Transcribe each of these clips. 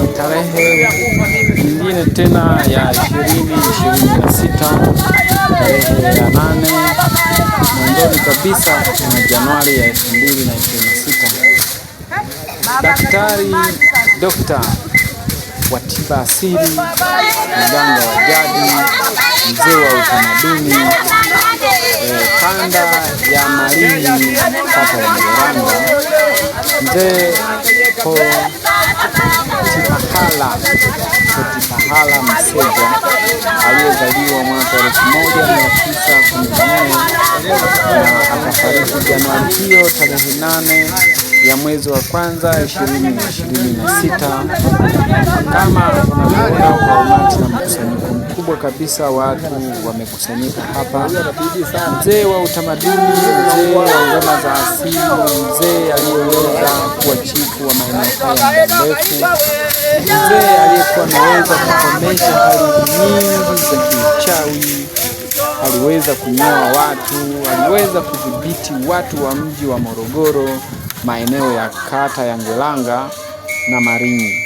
ni tarehe nyingine tena ya ishirini ishirini na sita tarehe ya nane mwanzoni kabisa na Januari ya elfu mbili na ishirini na sita Daktari dokta wa tiba asili, mganga wa jadi, mzee wa utamaduni e, eh, kanda ya Malinyi, kata ya Mjeranga, mzee Chipakala Chipakala Mseja aliyezaliwa mwaka elfu moja mia tisa kumi na nane na akafariki Januari hiyo tarehe nane ya mwezi wa kwanza ishirini ishirini na sita kama kuona kwa umati na mkusanyiko mkubwa kabisa, watu wamekusanyika hapa. Mzee wa utamaduni, mzee wa ngoma za asili, mzee aliyeweza kuwa chifu wa maeneo haya muda mrefu, mzee aliyekuwa ameweza kukomesha hali nyingi za kiuchawi, aliweza kunyoa watu, aliweza kudhibiti watu wa mji wa Morogoro, maeneo ya kata ya Ngelanga na Maringi.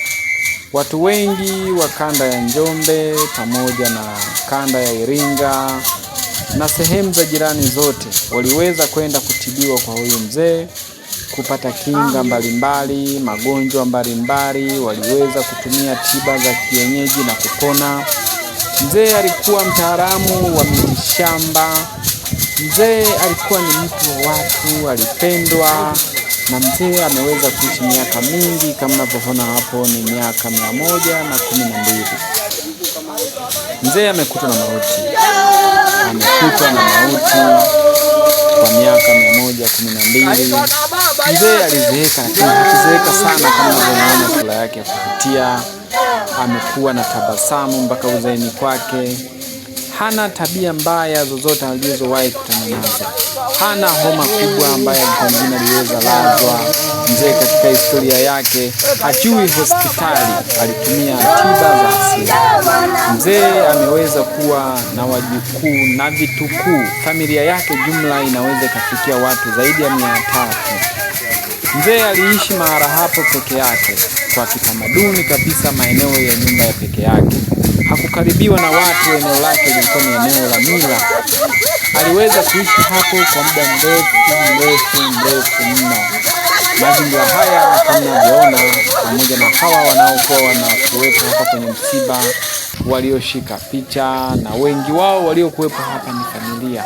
Watu wengi wa kanda ya Njombe pamoja na kanda ya Iringa na sehemu za jirani zote waliweza kwenda kutibiwa kwa huyu mzee, kupata kinga mbalimbali, magonjwa mbalimbali, waliweza kutumia tiba za kienyeji na kupona. Mzee alikuwa mtaalamu wa mitishamba. Mzee alikuwa ni mtu wa watu, alipendwa na mzee ameweza kuishi miaka mingi, kama unavyoona hapo ni miaka mia moja na kumi na mbili. Mzee amekutwa na mauti, amekutwa na mauti kwa miaka mia moja kumi na mbili. Mzee alizeeka, lakini hakuzeeka sana, kama unavyoona sura yake ya kuvutia, amekuwa na tabasamu mpaka uzeeni kwake hana tabia mbaya zozote alizowahi kutana nazo, hana homa kubwa ambayo pengine aliweza lazwa mzee katika historia yake, hajui hospitali, alitumia tiba za asili. Mzee ameweza kuwa na wajukuu na vitukuu, familia yake jumla inaweza ikafikia watu zaidi ya mia tatu. Mzee aliishi mahala hapo peke yake kwa kitamaduni kabisa, maeneo ya nyumba ya peke yake hakukaribiwa na watu. Eneo lake lilikuwa ni eneo la mila. Aliweza kuishi hapo kwa muda mrefu mrefu mrefu mno. Mazingira haya kama mnavyoona, pamoja na hawa wanaokuwa wanakuwepo hapa kwenye msiba, walioshika picha na wengi wao waliokuwepo hapa ni familia,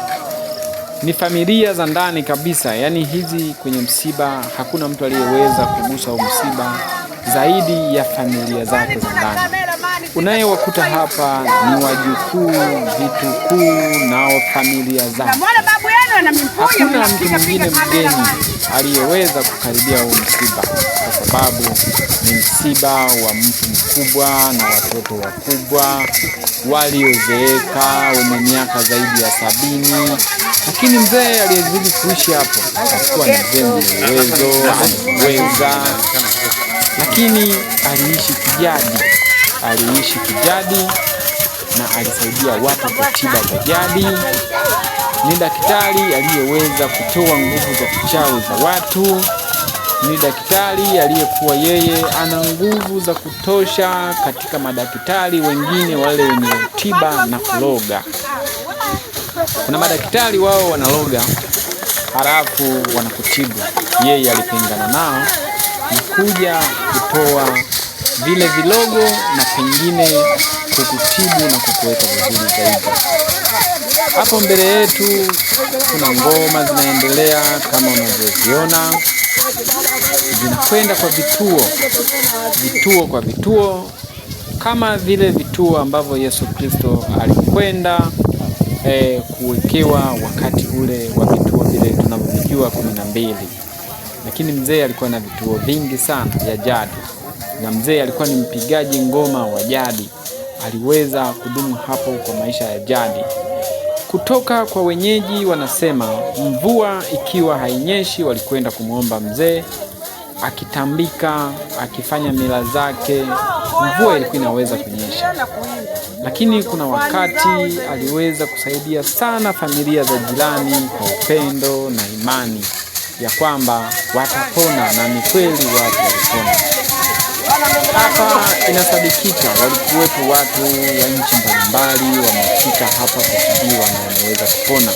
ni familia za ndani kabisa. Yaani hizi kwenye msiba hakuna mtu aliyeweza kugusa msiba zaidi ya familia zake za ndani unayewakuta hapa ni wajukuu, vitukuu nao familia zake Hakuna mtu mwingine mgeni aliyeweza kukaribia huu msiba, kwa sababu ni msiba wa mtu mkubwa na watoto wakubwa waliozeeka wenye miaka zaidi ya sabini, lakini mzee aliyezidi kuishi hapo akuwa ni mzee mwenye uwezo, ameweza, lakini aliishi kijadi aliishi kijadi na alisaidia watu kwa tiba za jadi. Ni daktari aliyeweza kutoa nguvu za kichawi za watu. Ni daktari aliyekuwa yeye ana nguvu za kutosha katika madaktari wengine wale wenye tiba na kuloga. Kuna madaktari wao wanaloga halafu wanakutibu. Yeye alipingana nao na kuja kutoa vile vilogo na pengine kukutibu na kukuweka vizuri zaidi. Hapo mbele yetu kuna ngoma zinaendelea kama unavyoziona, zinakwenda kwa vituo vituo kwa vituo, kama vile vituo ambavyo Yesu Kristo alikwenda eh, kuwekewa wakati ule wa vituo vile tunavyovijua kumi na mbili, lakini mzee alikuwa na vituo vingi sana vya jadi na mzee alikuwa ni mpigaji ngoma wa jadi, aliweza kudumu hapo kwa maisha ya jadi. Kutoka kwa wenyeji wanasema mvua ikiwa hainyeshi, walikwenda kumwomba mzee, akitambika, akifanya mila zake, mvua ilikuwa inaweza kunyesha. Lakini kuna wakati aliweza kusaidia sana familia za jirani kwa upendo na imani ya kwamba watapona, na ni kweli watu walipona. Hapa inasadikika walikuwepo watu wa nchi mbalimbali wamefika hapa kutibiwa na wameweza kupona,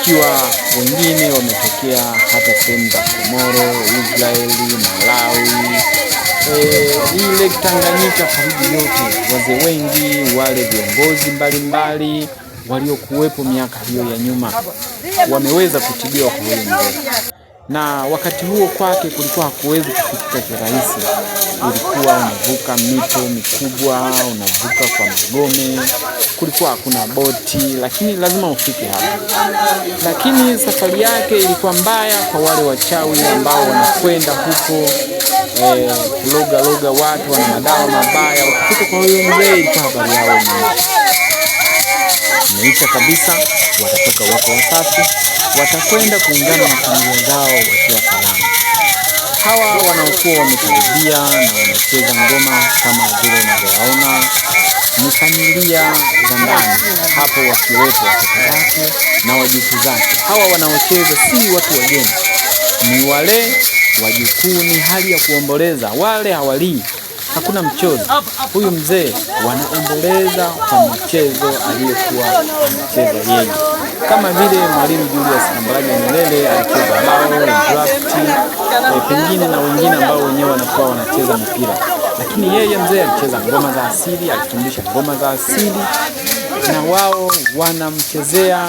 ikiwa wengine wametokea hata sehemu za Komoro, Israeli, Malawi, eh, e, ile Tanganyika karibu yote. Wazee wengi wale viongozi mbalimbali waliokuwepo miaka hiyo ya nyuma wameweza kutibiwa kwa wingi na wakati huo kwake kulikuwa hakuwezi kufikika kirahisi. Ulikuwa unavuka mito mikubwa, unavuka kwa magome, kulikuwa hakuna boti, lakini lazima ufike hapo. Lakini safari yake ilikuwa mbaya kwa wale wachawi ambao wanakwenda huko eh, loga loga watu wana madawa mabaya. Wakifika kwa huyo mzee, ilikuwa habari yao imeisha kabisa, watatoka wako wasafi watakwenda kuungana na familia zao wakiwa salama. Hawa wanaokuwa wamekaribia na wanacheza ngoma kama vile unavyowaona ni familia za ndani hapo, wakiwepo watoto wake na wajukuu zake. Hawa wanaocheza si watu wageni, ni wale wajukuu. Ni hali ya kuomboleza, wale hawalii hakuna mchozi Huyu mzee wanaomboleza kwa mchezo aliyokuwa anacheza yeye kama vile Mwalimu Julius Kambarage Nyerere alikuwa bao draft, e, pengine na wengine ambao wenyewe wanakuwa wanacheza mpira, lakini yeye mzee alicheza ngoma za asili, alifundisha ngoma za asili na wao wanamchezea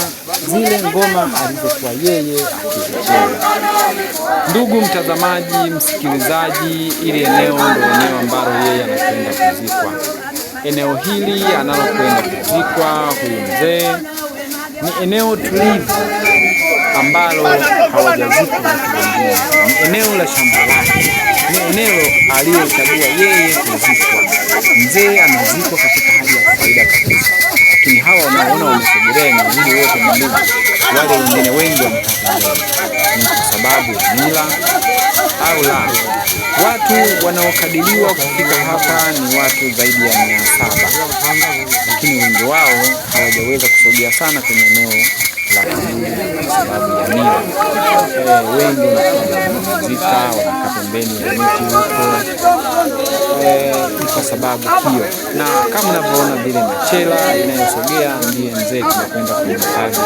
zile ngoma alizokuwa yeye akizicheza. Ndugu mtazamaji, msikilizaji, ili eneo ndio eneo ambalo yeye anakwenda kuzikwa, eneo hili analokwenda kuzikwa huyu mzee ni eneo tulivu ambalo hawajazikwa ni eneo la shamba lake, ni eneo aliyochagua yeye kuzikwa. Mzee amezikwa katika hali ya kawaida kabisa, lakini hawa wanaona wamesogelea na wili wote ni wale wengine wengi wamekaa pembeni, ni kwa sababu mila au la. Watu wanaokadiriwa kufika hapa ni watu zaidi ya mia saba, lakini wengi wao hawajaweza kusogea sana kwenye eneo la kaburi kwa sababu ya mila. Wengi wanapumzika, wanakaa pembeni ya miti huko, kwa sababu hiyo. Na kama unavyoona vile machela inayosogea ndiye mzee tunakwenda kumtaji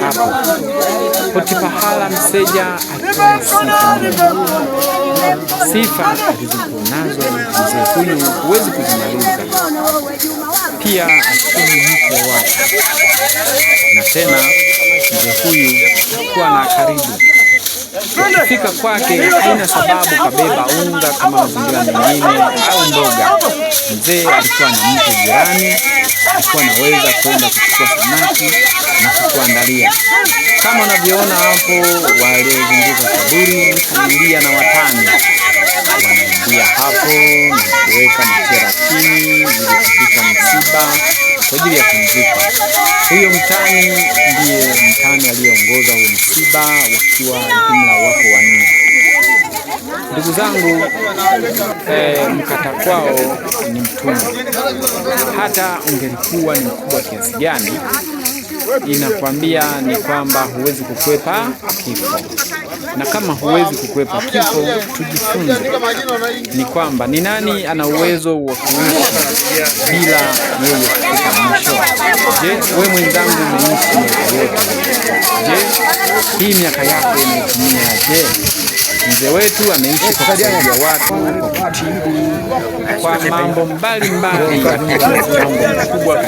hapo Potipahala Mseja akiwa sifa alizokuwa nazo mzee huyu huwezi kuzimaliza. Pia akini mke wake na tena mzee huyu kuwa na karibu. kufika kwake, haina sababu kabeba unga kama mazingira mengine au mboga. Mzee alikuwa na mtu jirani, alikuwa anaweza kwenda kuchukua samaki na kukuandalia. Kama unavyoona hapo, waliozunguka kaburi familia na watani pia hapo nimeweka machera chini kufikisha msiba kwa ajili ya kumzika huyo mtani. Ndiye mtani aliyeongoza huo msiba, wakiwa jumla wako wanne. Ndugu zangu, eh, mkata kwao ni mtumwa. Hata ungelikuwa ni mkubwa kiasi gani inakwambia ni kwamba huwezi kukwepa kifo, na kama huwezi kukwepa kifo, tujifunze ni kwamba ni nani ana uwezo wa kuishi bila yeye kufika mwisho. Je, we mwenzangu, umeishi miaka yote? Je, hii miaka yako imetumia? Je, mzee wetu ameishi ya watu kwa mambo mbalimbali, mambo makubwa.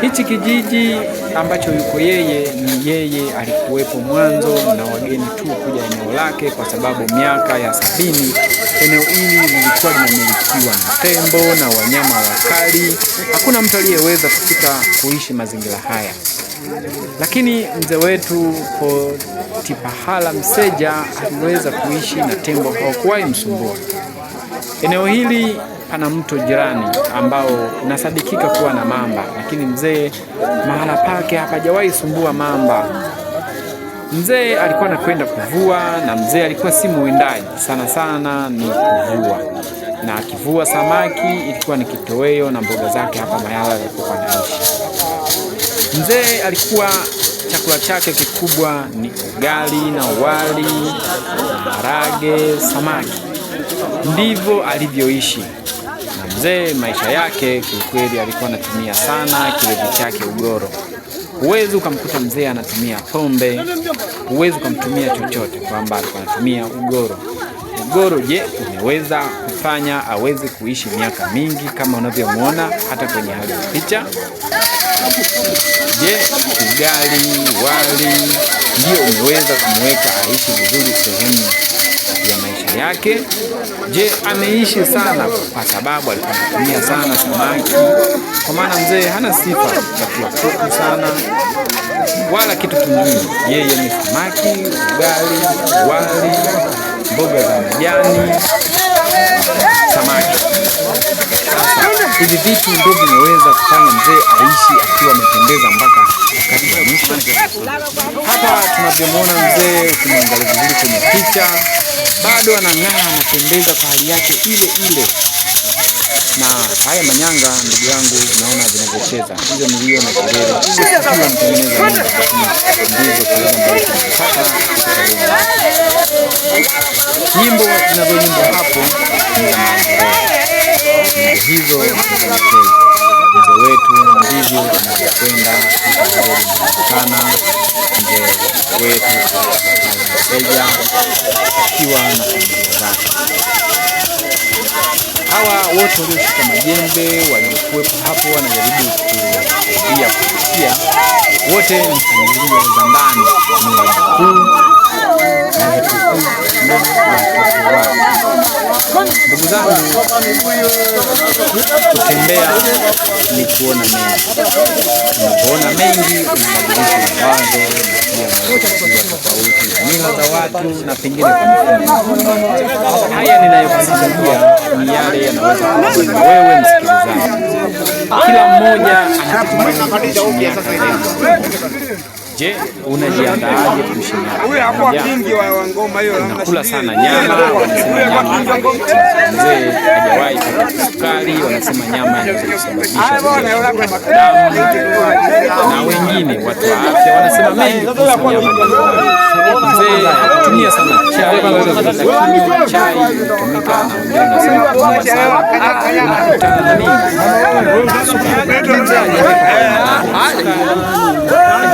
Hichi kijiji ambacho yuko yeye, ni yeye alikuwepo mwanzo na wageni tu kuja eneo lake, kwa sababu miaka ya sabini eneo hili lilikuwa linamilikiwa na tembo na wanyama wakali. Hakuna mtu aliyeweza kufika kuishi mazingira haya. Lakini mzee wetu Potipahala Mseja aliweza kuishi na tembo, hawakuwahi msumbua. Eneo hili pana mto jirani ambao unasadikika kuwa na mamba, lakini mzee mahala pake hapajawahi sumbua mamba. Mzee alikuwa anakwenda kuvua, na mzee alikuwa si mwindaji sana sana, ni kuvua, na akivua samaki ilikuwa ni kitoweo na mboga zake hapa Mayala alipokuwa anaishi. Mzee alikuwa chakula chake kikubwa ni ugali na wali, maharage, samaki. Ndivyo alivyoishi. Na mzee maisha yake kiukweli, alikuwa anatumia sana kilevi chake ugoro. Huwezi ukamkuta mzee anatumia pombe, huwezi ukamtumia chochote, kwamba alikuwa anatumia ugoro. Ugoro je, umeweza kufanya aweze kuishi miaka mingi kama unavyomwona hata kwenye hali ya picha? Je, ugali wali ndio umeweza kumweka aishi vizuri sehemu ya maisha yake? Je, ameishi sana kwa sababu alikuwa sana samaki? Kwa maana mzee hana sifa ya kula kuku sana wala kitu kingine, yeye ni samaki, ugali, wali, mboga za majani hivi vitu ndio vinaweza kufanya mzee aishi akiwa amependeza mpaka mwisho. Hapa tunavyomwona mzee, ukimwangalia vizuri kwenye picha, bado anang'aa, anapendeza kwa hali yake ile ile na haya manyanga ndugu yangu, naona vinavyocheza hizo milio na kelele, kila mtengeneza ndizo nyimbo zinazonyimbo hapo hizo mchezo wetu ndivyo tunavyokwenda kukutana mchezo wetu wateja akiwa na familia zake. Hawa wote walioshika majembe waliokuwepo hapo wanajaribu kuia kusikia, wote ni familia za ndani, ni wajukuu na vitukuu na watoto wao. Ndugu zangu, kutembea ni kuona mengi. Unapoona mengi unabadilisha mawazo tofauti, mila za watu na pengine kwa haya ninayofundisha ni yale yanaweza kukuza wewe msikilizaji. Kila mmoja ana Je, unajiandaaje Nakula sana nyama, wanasema nyama mzee hajawahi kupata sukari, wanasema nyama inasababisha na wengine watu wa afya wanasema mengi kuhusu nyama. Mzee anatumia sana chai, anatumia chai tumika na wengine wanasema kutumia sana na vitamini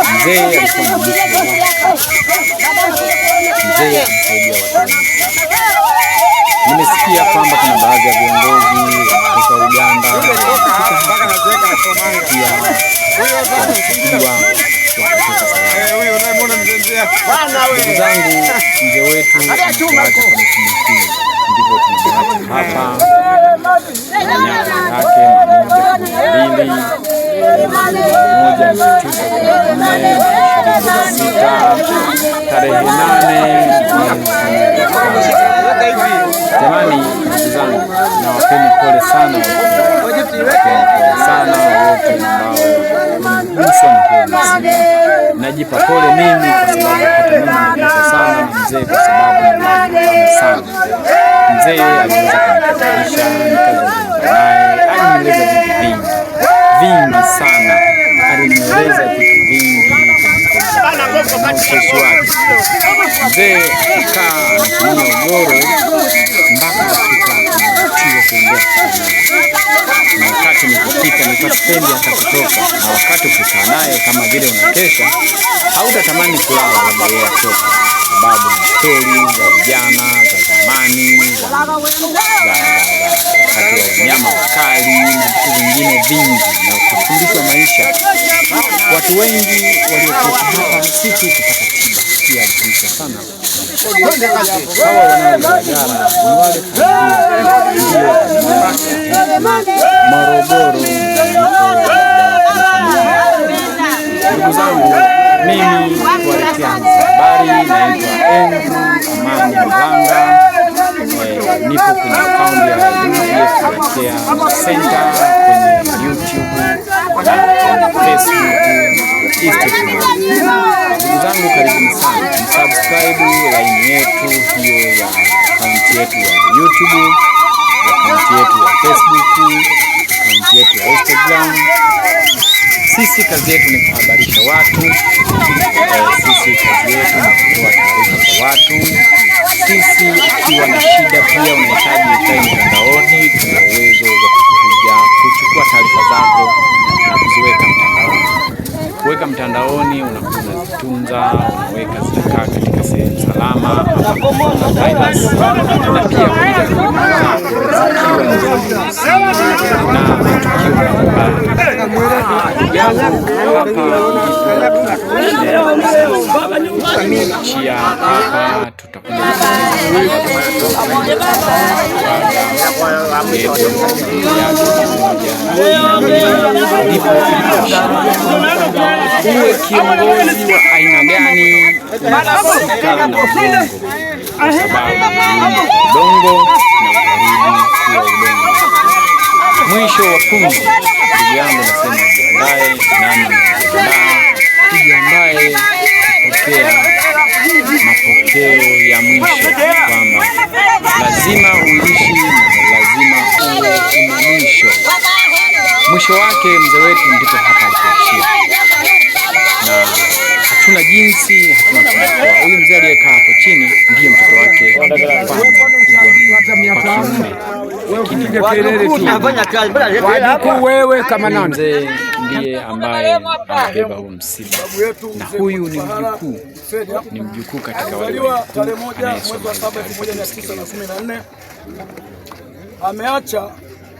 mzee mzee nimesikia kwamba kuna baadhi ya viongozi kutoka Uganda ndugu zangu, mzee wetu ndivyo hapa yake moja mbili moja tarehe nane. Jamani zangu, nawapeni pole sana sana wote ambao msonkosi. Najipa pole mimi kwa sababu hata mimi sana mzee, kwa sababu sana mzee aliweza kunitanisha nikaza naye vingi sana, alimweleza vitu vingi na ucheshi wake mzee kaa anatumia ugoro mpaka kufika na wakati nikufika nika stendi atakutoka, na wakati ukikaa naye kama vile unakesha, hautatamani kulala, labda yeye atoka, sababu ni stori za vijana za samani za wanyama wakali na vitu vingine vingi, na kufundishwa maisha. Watu wengi walioketi hapa si tu kupata tiba, pia kufundisha sana. Hawa wanaogaragara ni wale familia nipo kwenye akaunti ya UBS Care Center kwenye YouTube, na Facebook, Instagram. Ndugu zangu, karibuni sana msubscribe line yetu hiyo ya akaunti yetu ya YouTube, akaunti yetu ya Facebook, akaunti yetu ya Instagram. Sisi kazi yetu ni kuhabarisha watu, eh, sisi kazi yetu ni kutoa taarifa kwa watu sisi ukiwa na shida pia unahitaji ukae mtandaoni, tuna uwezo wa kukuja kuchukua taarifa zako na kuziweka mtandaoni. Kuweka mtandaoni unazitunza, unaweka zinakaa katika sehemu salama na pia kulinda kumbukumbu zako na matukio hapa uwe kiongozi wa aina gani unakutana na udongo, kwa sababu udongo na udongo. Mwisho wa fungu, ndugu yangu, nasema jiandae, nami najiandaa, tujiandae kupokea mapokeo ya mwisho kwamba lazima uishi lazima uwe una mwisho. Mwisho wake mzee wetu ndipo hapa alipoishia, na hatuna jinsi, hatuna. Huyu mzee aliyekaa hapo chini ndiye mtoto wake wajukuu wewe kama nani? Mzee ndiye ambaye amebeba huu msiba, na huyu ni mjukuu, ni mjukuu katika wale Ameacha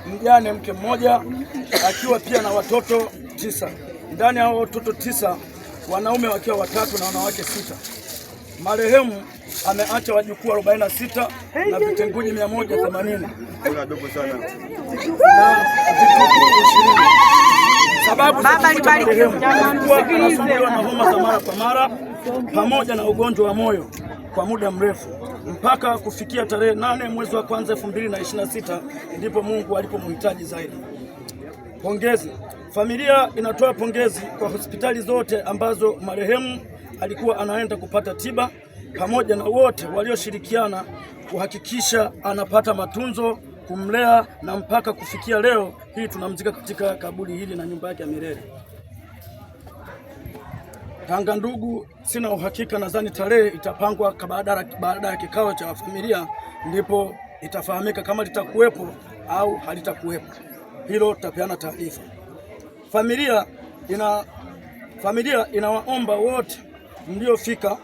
mjane mke mmoja akiwa pia na watoto tisa. Ndani ya hao watoto tisa wanaume wakiwa watatu na wanawake sita. Marehemu ameacha wajukuu 46 na vitinguji 180 sababu anasumbuliwa na homa za mara kwa mara pamoja na ugonjwa wa moyo kwa muda mrefu mpaka kufikia tarehe nane mwezi wa kwanza sita ndipo Mungu alipomhitaji zaidi. Pongezi. Familia inatoa pongezi kwa hospitali zote ambazo marehemu alikuwa anaenda kupata tiba pamoja na wote walioshirikiana kuhakikisha anapata matunzo, kumlea na mpaka kufikia leo hii tunamzika katika kaburi hili na nyumba yake ya milele. Tanga ndugu, sina uhakika, nadhani tarehe itapangwa baada ya kikao cha familia, ndipo itafahamika kama litakuwepo au halitakuwepo. Hilo tutapeana taarifa. Familia ina familia inawaomba wote mliofika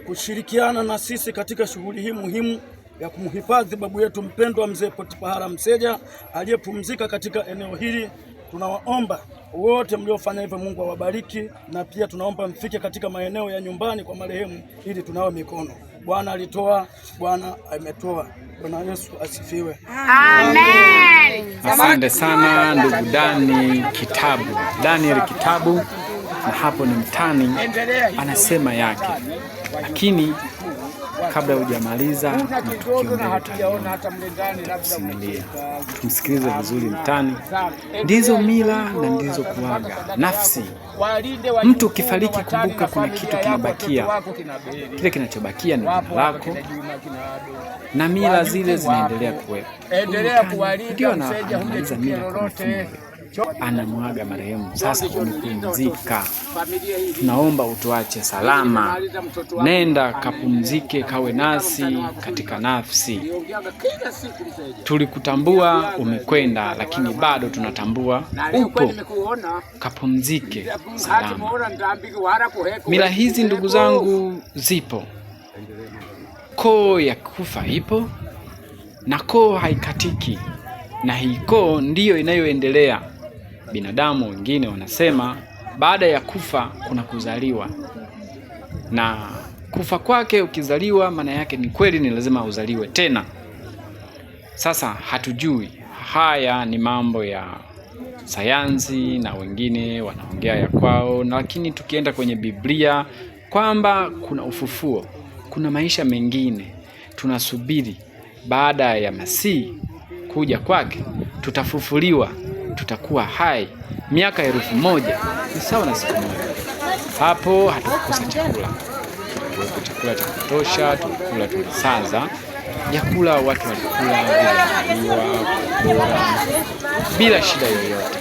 kushirikiana na sisi katika shughuli hii muhimu ya kumhifadhi babu yetu mpendwa mzee Potipahara Mseja aliyepumzika katika eneo hili. Tunawaomba wote mliofanya hivyo, Mungu awabariki, na pia tunaomba mfike katika maeneo ya nyumbani kwa marehemu ili tunawe mikono. Bwana alitoa, Bwana ametoa. Bwana Yesu asifiwe, amen. Asante sana ndugu Dani Kitabu, Daniel Kitabu na hapo ni mtani anasema yake, lakini kabla hujamaliza tutakusimulia. Tumsikilize vizuri mtani. Ndizo mila na ndizo kuaga nafsi. Mtu ukifariki, kumbuka kuna kitu kinabakia. Kile kinachobakia ni jina lako, na mila zile zinaendelea kuwepo. Ndio anamaliza mila kwa mfumo anamwaga marehemu. Sasa umepumzika, tunaomba utuache salama, nenda kapumzike, kawe nasi katika nafsi. Tulikutambua umekwenda, lakini bado tunatambua upo, kapumzike salama. Mila hizi ndugu zangu zipo, koo ya kufa ipo na koo haikatiki, na hii koo ndiyo inayoendelea binadamu wengine wanasema baada ya kufa kuna kuzaliwa, na kufa kwake, ukizaliwa, maana yake ni kweli ni lazima uzaliwe tena. Sasa hatujui, haya ni mambo ya sayansi na wengine wanaongea ya kwao, na lakini tukienda kwenye Biblia kwamba kuna ufufuo, kuna maisha mengine tunasubiri baada ya Masihi kuja kwake, tutafufuliwa tutakuwa hai. Miaka elfu moja ni sawa na siku moja. Hapo hatukukosa chakula, tuwepo chakula cha kutosha, tulikula tulisaza vyakula, watu walikula vilivyoandaliwa bora, bila shida yoyote.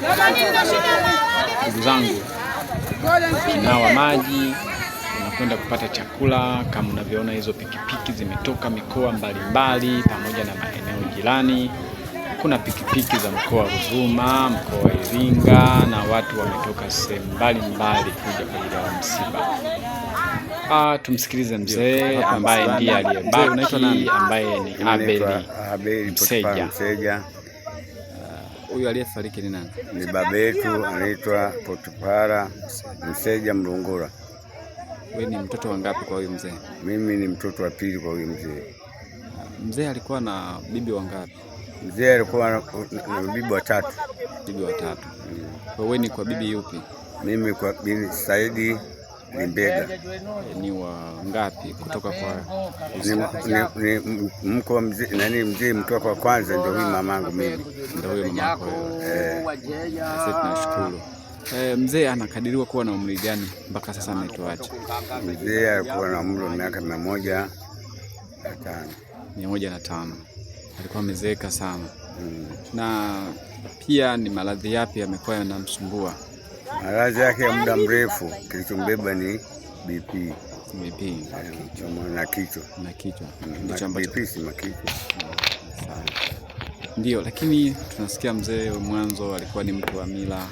Ndugu zangu, kinawa maji kwenda kupata chakula, kama unavyoona hizo pikipiki zimetoka mikoa mbalimbali mbali, pamoja na maeneo jirani kuna pikipiki za mkoa wa Ruvuma, mkoa wa Iringa na watu wametoka sehemu mbalimbali kuja kwa ajili ya msiba. Ah, tumsikilize mzee ambaye ndiye aliyebaki ambaye ni Abeli Mseja. Ah, huyu aliyefariki ni nani? Ni baba yetu anaitwa Potipara Mseja Mlungura. Wewe ni mtoto wangapi kwa huyu mzee? Mimi ni mtoto wa pili kwa huyu mzee. Ah, mzee alikuwa na bibi wangapi? Mzee alikuwa na bibi watatu. Bibi watatu. Wewe ni kwa bibi yupi? Mimi kwa bibi Saidi Limbega. Eh, ni wa ngapi kutoka kwa mko mzee nani? Mzee mtoka kwa kwanza ndio huyu mamangu mimi. Ndio huyu mamangu. Eh. Sasa tunashukuru. Eh, mzee anakadiriwa kuwa na umri gani mpaka sasa ametuacha? Mzee alikuwa na umri wa miaka mia moja na tano. Mia moja na tano alikuwa amezeeka sana mm. Na pia ni maradhi yapi yamekuwa yanamsumbua? Maradhi yake ya muda mrefu, kilichombeba ni BP. BP na kichwa na kichwa mm, BP si makichwa mm. ndio. Lakini tunasikia mzee mwanzo alikuwa ni mtu wa mila,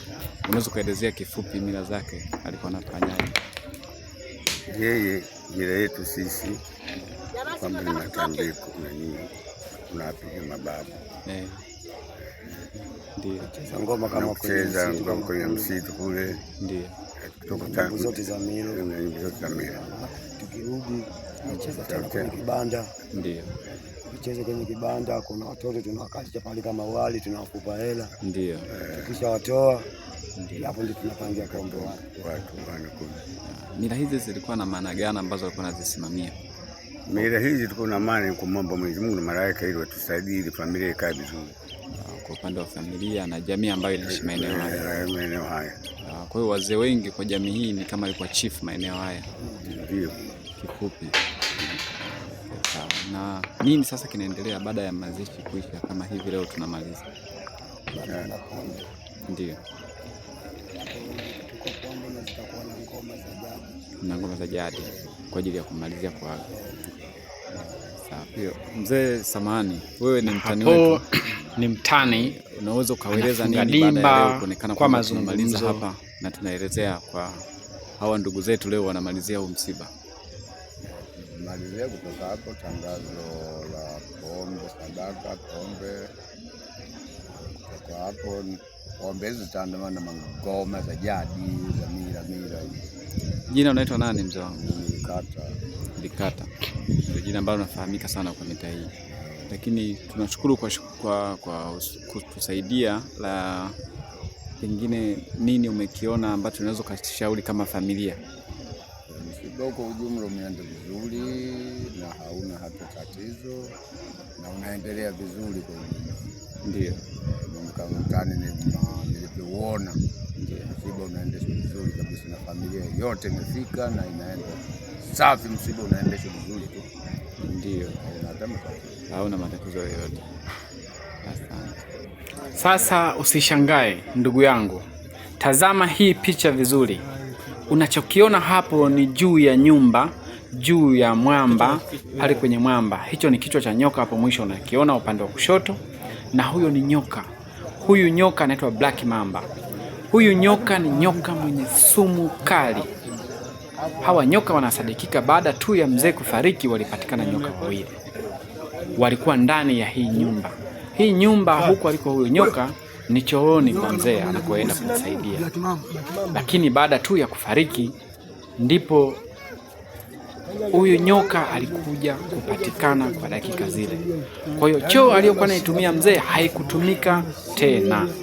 unaweza kuelezea kifupi mila zake, alikuwa anafanyaje? Yeye mila yetu sisi kwamba ni matambiko na nini tunapiga mababu cheza eh. ngoma kama kucheza ngoma kwenye msitu kule, ndio zote za milo tukirudi tunacheza tena kwenye kibanda, ndio tucheze kwenye kibanda. Kuna watoto tunawakatisha pale kama wali, tunawakupa hela, ndio watoa hapo ndio tunapangia kombo watu. Mila hizi zilikuwa na maana gani ambazo walikuwa nazisimamia? mila hizi tuko na amani kumwomba Mwenyezi Mungu na malaika ili watusaidie ili familia ikae vizuri ah, kwa upande wa familia na jamii ambayo inaishi maeneo haya maeneo haya. Ah, kwa hiyo wazee wengi kwa jamii hii ni kama alikuwa chief maeneo haya, ndio kifupi. Ah, na nini sasa kinaendelea baada ya mazishi kuisha? Kama hivi leo tunamaliza, ndio na ngoma za jadi kwa ajili ya kumalizia kwa mzee. samani wewe ni mtani wetu, ni mtani, unaweza ukaeleza nini baada ya leo kuonekana kwa mazungumzo hapa na tunaelezea kwa hawa ndugu zetu leo wanamalizia huu msiba? Malizia kutoka hapo tangazo la pombe, sadaka pombe. Kutoka hapo pombe hizo zitaandamana na magoma za jadi za mila mila. Jina unaitwa nani mzee wangu? Likata, Likata ndio jina ambalo nafahamika sana kwa mitaa hii, lakini tunashukuru kwa, kwa, kwa kutusaidia. La pengine nini umekiona ambacho unaweza ukashauri kama familia? Msiba kwa ujumla umeenda vizuri na hauna hata tatizo na unaendelea vizuri kwa ujumla, ndio mkamtani nilipouona, ndio msiba unaendeshwa vizuri kabisa na familia yote imefika na inaenda safi, msiba unaendeshwa vizuri tu, ndio hauna matatizo yoyote. Sasa usishangae ndugu yangu, tazama hii picha vizuri. Unachokiona hapo ni juu ya nyumba, juu ya mwamba pale kwenye mwamba, hicho ni kichwa cha nyoka hapo mwisho unakiona upande wa kushoto, na huyo ni nyoka. Huyu nyoka anaitwa black mamba. Huyu nyoka ni nyoka mwenye sumu kali. Hawa nyoka wanasadikika baada tu ya mzee kufariki, walipatikana nyoka wawili walikuwa ndani ya hii nyumba. Hii nyumba huku aliko huyo nyoka ni chooni kwa mzee anakoenda kumsaidia, lakini baada tu ya kufariki ndipo huyu nyoka alikuja kupatikana kwa dakika zile. Kwa hiyo choo aliyokuwa anaitumia mzee haikutumika tena.